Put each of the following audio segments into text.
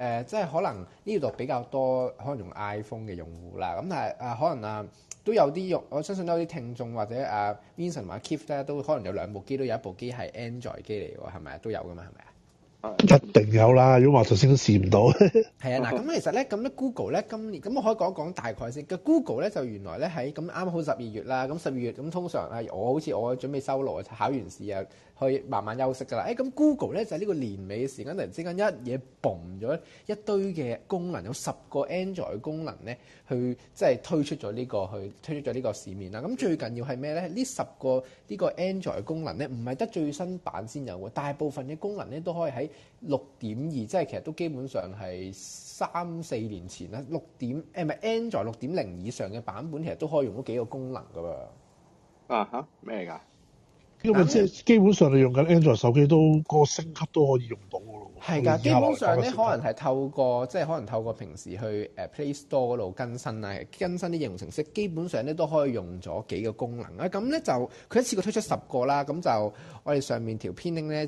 誒、呃，即係可能呢度比較多可能用 iPhone 嘅用戶啦。咁但係誒、啊，可能啊都有啲用，我相信都有啲聽眾或者誒、啊、Vincent 同埋 Keith 咧，都可能有兩部機，都有一部機係 Android 機嚟喎，係咪啊？都有噶嘛，係咪啊？一定有啦，如果話頭先都試唔到。係 啊，咁其實咧，咁咧 Google 咧今年，咁我可以講一講大概先。個 Google 咧就原來咧喺咁啱好十二月啦。咁十二月咁通常啊，我好似我準備收爐，考完試啊。去慢慢休息㗎啦！誒咁 Google 咧就係呢個年尾時間突然之間一嘢 boom 咗一堆嘅功能，有十個 Android 功能咧，去即係推出咗呢個去推出咗呢個市面啦。咁最緊要係咩咧？呢十個呢個 Android 功能咧，唔係得最新版先有喎。大部分嘅功能咧都可以喺六點二，即係其實都基本上係三四年前啦。六點誒唔係 Android 六點零以上嘅版本，其實都可以用到幾個功能㗎喎。啊吓？咩嚟㗎？因為即係基本上你用緊 Android 手機都個升級都可以用到嘅咯。係㗎，基本上咧可能係透過即係可能透過平時去誒 Play Store 嗰度更新啦，更新啲應用程式，基本上咧都可以用咗幾個功能啊。咁咧就佢一次過推出十個啦。咁就我哋上面條 pinning 咧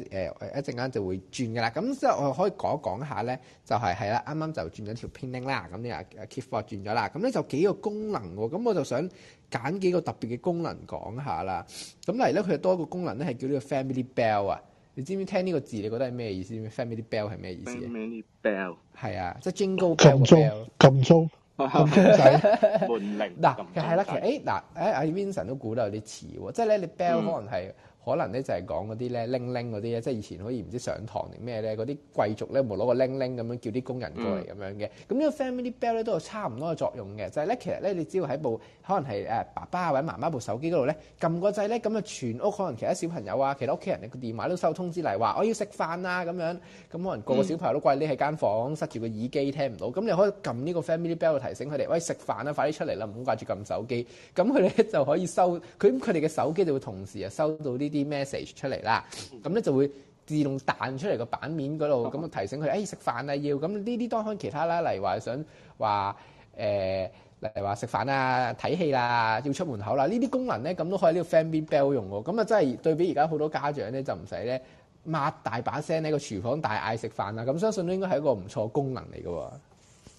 誒一陣間就會轉㗎啦。咁之後我可以講一講一下咧，就係係啦，啱啱就轉咗條 pinning 啦。咁又誒 Keep for 轉咗啦。咁咧就幾個功能喎。咁我就想揀幾個特別嘅功能講下啦。咁例如咧佢有多。個功能咧係叫呢個 family bell 啊！你知唔知聽呢個字？你覺得係咩意思？family bell 係咩意思？family bell 係啊，即係 Jingle Bell。撳鐘，bell，撳鐘仔。門鈴。嗱，係 啦小孩 小孩、 呃，其實誒，嗱、哎，誒、呃，阿、啊、Vincent 都估得有啲遲喎，即係咧你 bell、嗯、可能係。可能咧就係講嗰啲咧鈴鈴嗰啲咧，即係以前可以唔知上堂定咩咧，嗰啲貴族咧冇攞個鈴鈴咁樣叫啲工人過嚟咁樣嘅。咁呢個 Family Bell 咧都有差唔多嘅作用嘅，就係、是、咧其實咧你只要喺部可能係誒爸爸或者媽媽部手機嗰度咧，撳個掣咧，咁啊全屋可能其他小朋友啊，其他屋企人嘅電話都收通知嚟，話「我要食飯啊！」咁樣。咁可能個個小朋友都怪匿喺間房，塞住個耳機聽唔到，咁你可以撳呢個 Family Bell 去提醒佢哋，喂，食飯啦，快啲出嚟啦，唔好掛住撳手機。咁佢咧就可以收，佢佢哋嘅手機就會同時啊收到啲。啲 message 出嚟啦，咁咧就會自動彈出嚟個版面嗰度，咁啊提醒佢，哎食飯啊要，咁呢啲當然其他啦，例如話想話、欸、例如話食飯啊、睇戲啦、要出門口啦，呢啲功能咧咁都可以呢個 family bell 用喎，咁啊真係對比而家好多家長咧就唔使咧擘大把聲喺個廚房大嗌食飯啦，咁相信都應該係一個唔錯功能嚟㗎喎，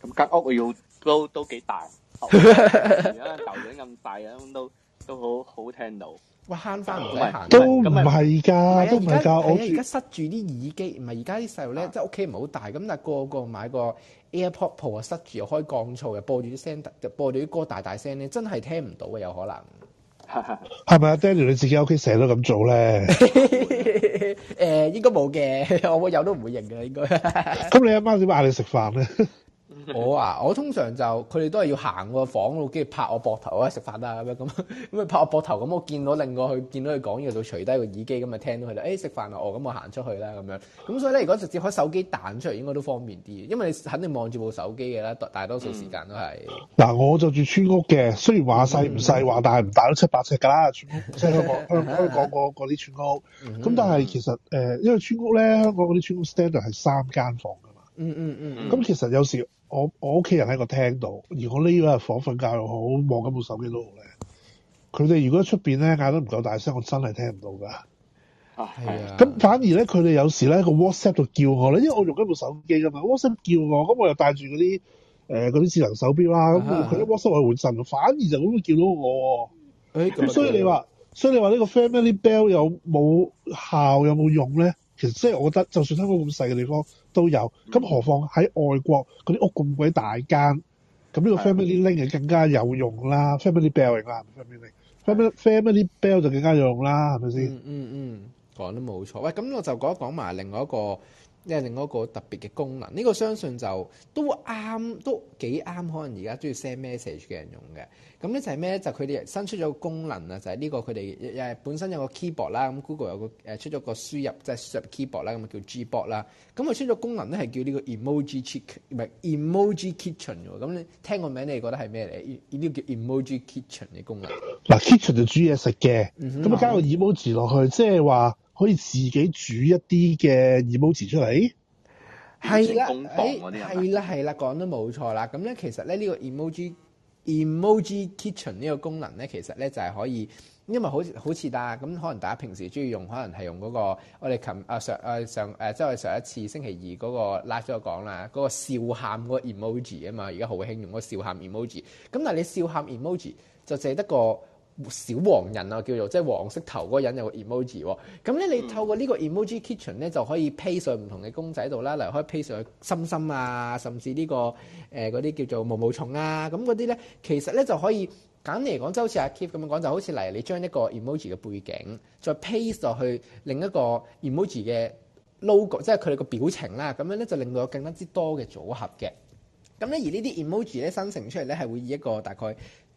咁間屋要都都幾大，而家頭頂咁大咁都都好好聽到。哇，慳翻唔使行都唔係㗎，都唔係㗎。我而家塞住啲耳機，唔係而家啲細路咧，即係屋企唔好大，咁但係個個買個 AirPods Pro 啊，塞住又開降噪，又播住啲聲，就播住啲歌，大大聲咧，真係聽唔到嘅有可能。係 咪 Daniel，你自己屋企成日都咁做咧？誒、 呃，應該冇嘅，我會有都唔會認嘅應該。咁 你阿媽點解嗌你食飯咧？ 我啊，我通常就佢哋都係要行個房度，跟住拍我膊頭，啊、哎，食飯啊咁樣咁，咁咪拍我膊頭咁。我見到另外佢見到佢講嘢，就除低個耳機咁咪聽到佢啦。誒、哎、食飯啦，哦、我咁我行出去啦咁樣。咁所以咧，如果直接開手機彈出嚟，應該都方便啲，因為你肯定望住部手機嘅啦，大多數時間都係。嗱、嗯啊，我就住村屋嘅，雖然話細唔細，話大唔大都七八尺噶啦，村屋即係香香港嗰嗰啲村屋。咁但係其實誒、呃，因為村屋咧，香港嗰啲村屋 standard 係三間房。嗯嗯嗯，咁、嗯嗯、其實有時我我屋企人喺個廳度，而我匿喺個房瞓覺又好，望緊部手機都好靚。佢哋如果喺出邊咧嗌得唔夠大聲，我真係聽唔到噶。係啊，咁、啊、反而咧，佢哋有時咧個 WhatsApp 度叫我咧，因為我用緊部手機噶嘛，WhatsApp 叫我咁我又戴住嗰啲誒嗰啲智能手表啦，咁佢啲 WhatsApp 係換震，反而就咁樣叫到我。咁所以你話，所以你話呢個 Family Bell 有冇效？有冇用咧？其實即係我覺得，就算香港咁細嘅地方都有，咁何況喺外國嗰啲屋咁鬼大間，咁呢個 family link 就更加有用啦。family bell 而家 family family family bell 就更加有用啦，係咪先？嗯嗯，講、嗯、得冇錯。喂，咁我就講一講埋另外一個。係另外一個特別嘅功能，呢、這個相信就都啱，都幾啱。可能而家中意 send message 嘅人用嘅。咁咧就係咩咧？就佢哋新出咗個功能啊！就係、是、呢個佢哋誒本身有個 keyboard 啦，咁 Google 有個誒出咗個輸入即係輸入 keyboard 啦，咁叫 Gboard 啦。咁佢出咗功能咧係叫呢個 emoji chicken，唔係 emoji kitchen 喎。咁你聽個名字你覺得係咩嚟？呢、這、啲、個、叫 emoji kitchen 嘅功能。嗱、啊、kitchen 就煮嘢食嘅，咁、嗯、加個 emoji 落去，即係話。可以自己煮一啲嘅 emoji 出嚟，係啦，係啦，係啦，講得冇錯啦。咁、嗯、咧、嗯，其實咧呢個 emoji emoji kitchen 呢個功能咧，其實咧就係可以，因為好似好似啦，咁可能大家平時中意用，可能係用嗰、嗰個我哋琴啊上啊上誒，即係上一次星期二嗰、嗰個 live 所講啦，嗰、嗰個笑喊 emoji, 個 emoji 啊嘛，而家好興用嗰笑喊 emoji。咁但係你笑喊 emoji 就淨得個。小黃人啊，叫做即係黃色頭嗰人有個 emoji 喎、哦。咁咧，你透過呢個 emoji kitchen 咧就可以 paste 唔同嘅公仔度啦，例如可以 paste 去心心啊，甚至呢、這個嗰啲、呃、叫做毛毛蟲啊，咁嗰啲咧，其實咧就可以簡單嚟講，就好似阿 Keep 咁樣講，就好似嚟你將一個 emoji 嘅背景再 paste 落去另一個 emoji 嘅 logo，即係佢哋個表情啦。咁樣咧就令到有更加之多嘅組合嘅。咁咧而呢啲 emoji 咧生成出嚟咧係會以一個大概。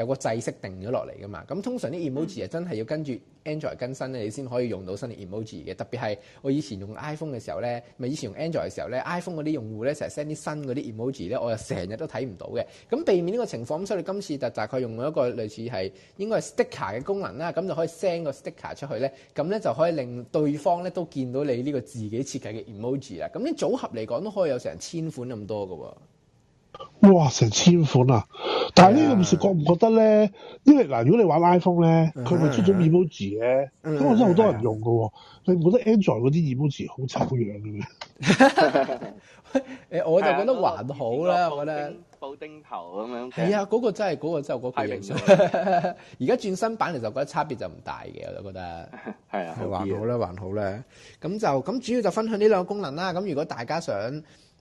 有個制式定咗落嚟㗎嘛？咁通常啲 emoji 係真係要跟住 Android 更新咧，你先可以用到新嘅 emoji 嘅。特別係我以前用 iPhone 嘅時候咧，咪以前用 Android 嘅時候咧，iPhone 嗰啲用戶咧，成日 send 啲新嗰啲 emoji 咧，我又成日都睇唔到嘅。咁避免呢個情況，咁所以你今次就大概用咗一個類似係應該係 sticker 嘅功能啦，咁就可以 send 個 sticker 出去咧，咁咧就可以令對方咧都見到你呢個自己設計嘅 emoji 啦。咁呢組合嚟講都可以有成千款咁多㗎喎、哦。哇！成千款啊，但係呢個唔是、yeah. 覺唔覺得咧？因為嗱，如果你玩 iPhone 咧，佢、yeah. 咪出咗 emoji 咧，咁我真係好多人用噶。喎、yeah.。你唔覺得 Android 嗰啲 emoji 好醜樣咁嘅誒， 我就覺得還好啦、啊，我覺得布丁頭咁樣。係、okay. 啊，嗰、那個真係，嗰、那個真係嗰、那個樣。而家轉新版，其實我覺得差別就唔大嘅，我都覺得係 啊係，還好啦，還好啦。咁就咁主要就分享呢兩個功能啦。咁如果大家想，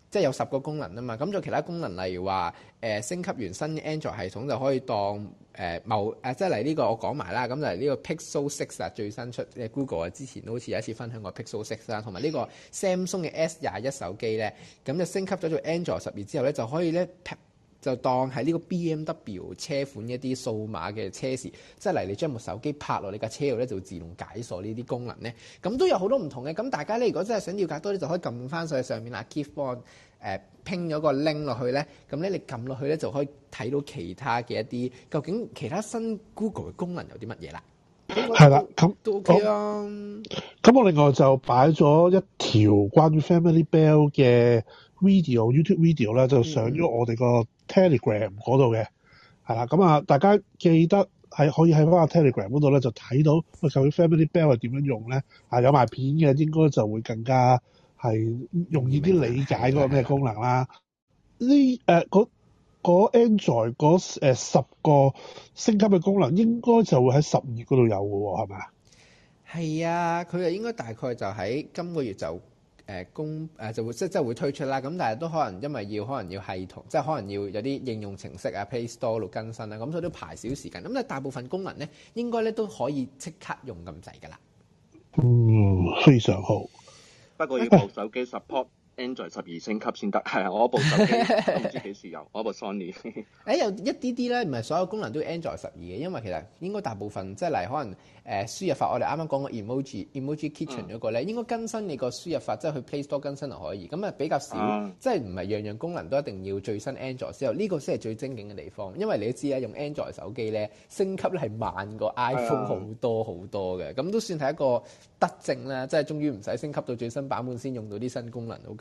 即係有十個功能啊嘛，咁仲有其他功能，例如話誒、呃、升級完新 Android 系統就可以當誒某誒，即係嚟呢個我講埋啦，咁就係呢個 Pixel Six 啊最新出嘅 Google 啊，之前都好似有一次分享過 Pixel Six 啦，同埋呢個 Samsung 嘅 S 廿一手機咧，咁就升級咗做 Android 十二之後咧，就可以咧。就當係呢個 BMW 車款一啲數碼嘅車時，即係嚟你將部手機拍落你架車度咧，就會自動解鎖呢啲功能咧。咁都有好多唔同嘅。咁大家咧，如果真係想了解多啲，就可以撳翻上去上面啦、啊、Keep on、呃、拼咗個 link 落去咧。咁咧，你撳落去咧，就可以睇到其他嘅一啲究竟其他新 Google 嘅功能有啲乜嘢啦。係啦，咁都 OK 囉、啊。咁我，我另外就擺咗一條關於 Family Bell 嘅 video、YouTube video 咧，就上咗我哋個、嗯。Telegram 嗰度嘅，係啦，咁啊，大家記得係可以喺翻個 Telegram 度咧，就睇到喂，究竟 Family Bell 係點樣用咧？啊，有埋片嘅，應該就會更加係容易啲理解個咩功能啦。呢誒個嗰 Android 嗰誒十個升級嘅功能，應該就會喺十二度有嘅喎，係咪啊？係啊，佢啊應該大概就喺今個月就。誒、呃啊、就會即即推出啦，咁但係都可能因為要可能要系統，即、即係、可能要有啲應用程式啊 Play Store 度更新啦，咁、啊、所以都排少時間。咁咧大部分功能咧，應該咧都可以即刻用咁滯㗎啦。嗯，非常好。不過要部手機 support。 Android 十二升級先得，係我部手機都唔 知幾時有，我部 Sony。 誒有一啲啲咧，唔係所有功能都要 Android 十二嘅，因為其實應該大部分即係嚟可能誒輸、呃、入法，我哋啱啱講個 emoji emoji kitchen 嗰、嗯那個咧，應該更新你個輸入法，即係去 Play Store 更新就可以。咁啊比較少，嗯、即係唔係樣樣功能都一定要最新 Android 先有，呢個先係最精勁嘅地方。因為你都知啊，用 Android 手機咧升級咧係慢過 iPhone 好多好多嘅，咁、嗯、都算係一個德政啦，即係終於唔使升級到最新版本先用到啲新功能，好